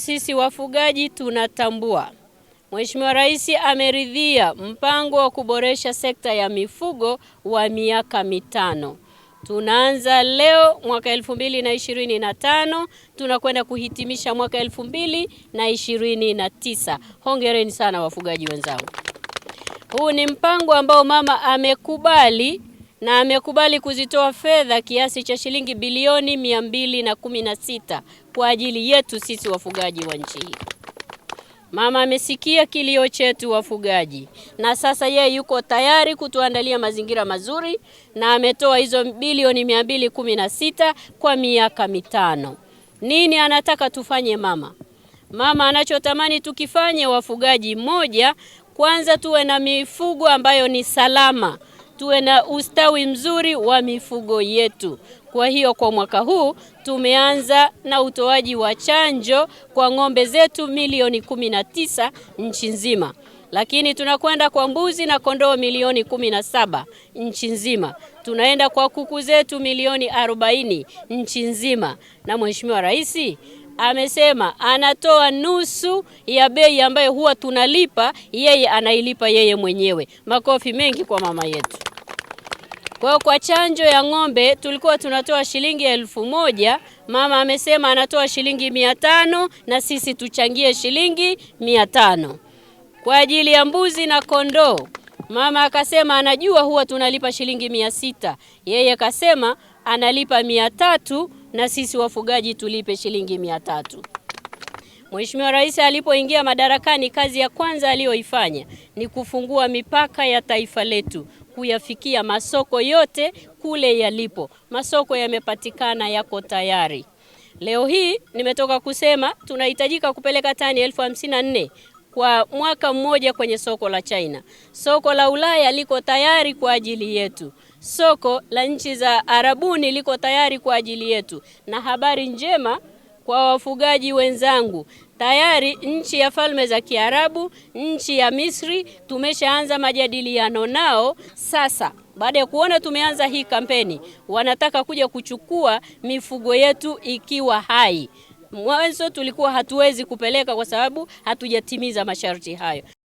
Sisi wafugaji tunatambua Mheshimiwa Rais ameridhia mpango wa kuboresha sekta ya mifugo wa miaka mitano. Tunaanza leo mwaka 2025 tunakwenda kuhitimisha mwaka 2029. Hongereni sana wafugaji wenzangu. Huu ni mpango ambao mama amekubali na amekubali kuzitoa fedha kiasi cha shilingi bilioni 216 kwa ajili yetu sisi wafugaji wa nchi hii. Mama amesikia kilio chetu wafugaji, na sasa yeye yuko tayari kutuandalia mazingira mazuri, na ametoa hizo bilioni 216 kwa miaka mitano. Nini anataka tufanye mama? Mama anachotamani tukifanye, wafugaji, moja, kwanza tuwe na mifugo ambayo ni salama tuwe na ustawi mzuri wa mifugo yetu. Kwa hiyo kwa mwaka huu tumeanza na utoaji wa chanjo kwa ng'ombe zetu milioni 19 nchi nzima, lakini tunakwenda kwa mbuzi na kondoo milioni 17 nchi nzima. Tunaenda kwa kuku zetu milioni 40 nchi nzima, na Mheshimiwa Rais amesema anatoa nusu ya bei ambayo huwa tunalipa, yeye anailipa yeye mwenyewe. Makofi mengi kwa mama yetu. Kwa hiyo kwa chanjo ya ng'ombe tulikuwa tunatoa shilingi elfu moja. Mama amesema anatoa shilingi mia tano na sisi tuchangie shilingi mia tano kwa ajili ya mbuzi na kondoo. Mama akasema anajua huwa tunalipa shilingi mia sita, yeye akasema analipa mia tatu na sisi wafugaji tulipe shilingi mia tatu. Mheshimiwa Rais alipoingia madarakani, kazi ya kwanza aliyoifanya ni kufungua mipaka ya taifa letu kuyafikia masoko yote kule yalipo. Masoko yamepatikana, yako tayari. Leo hii nimetoka kusema tunahitajika kupeleka tani elfu hamsini na nne kwa mwaka mmoja kwenye soko la China. Soko la Ulaya liko tayari kwa ajili yetu. Soko la nchi za Arabuni liko tayari kwa ajili yetu. Na habari njema kwa wafugaji wenzangu. Tayari nchi ya Falme za Kiarabu, nchi ya Misri tumeshaanza majadiliano nao sasa baada ya kuona tumeanza hii kampeni, wanataka kuja kuchukua mifugo yetu ikiwa hai. Mwanzo tulikuwa hatuwezi kupeleka kwa sababu hatujatimiza masharti hayo.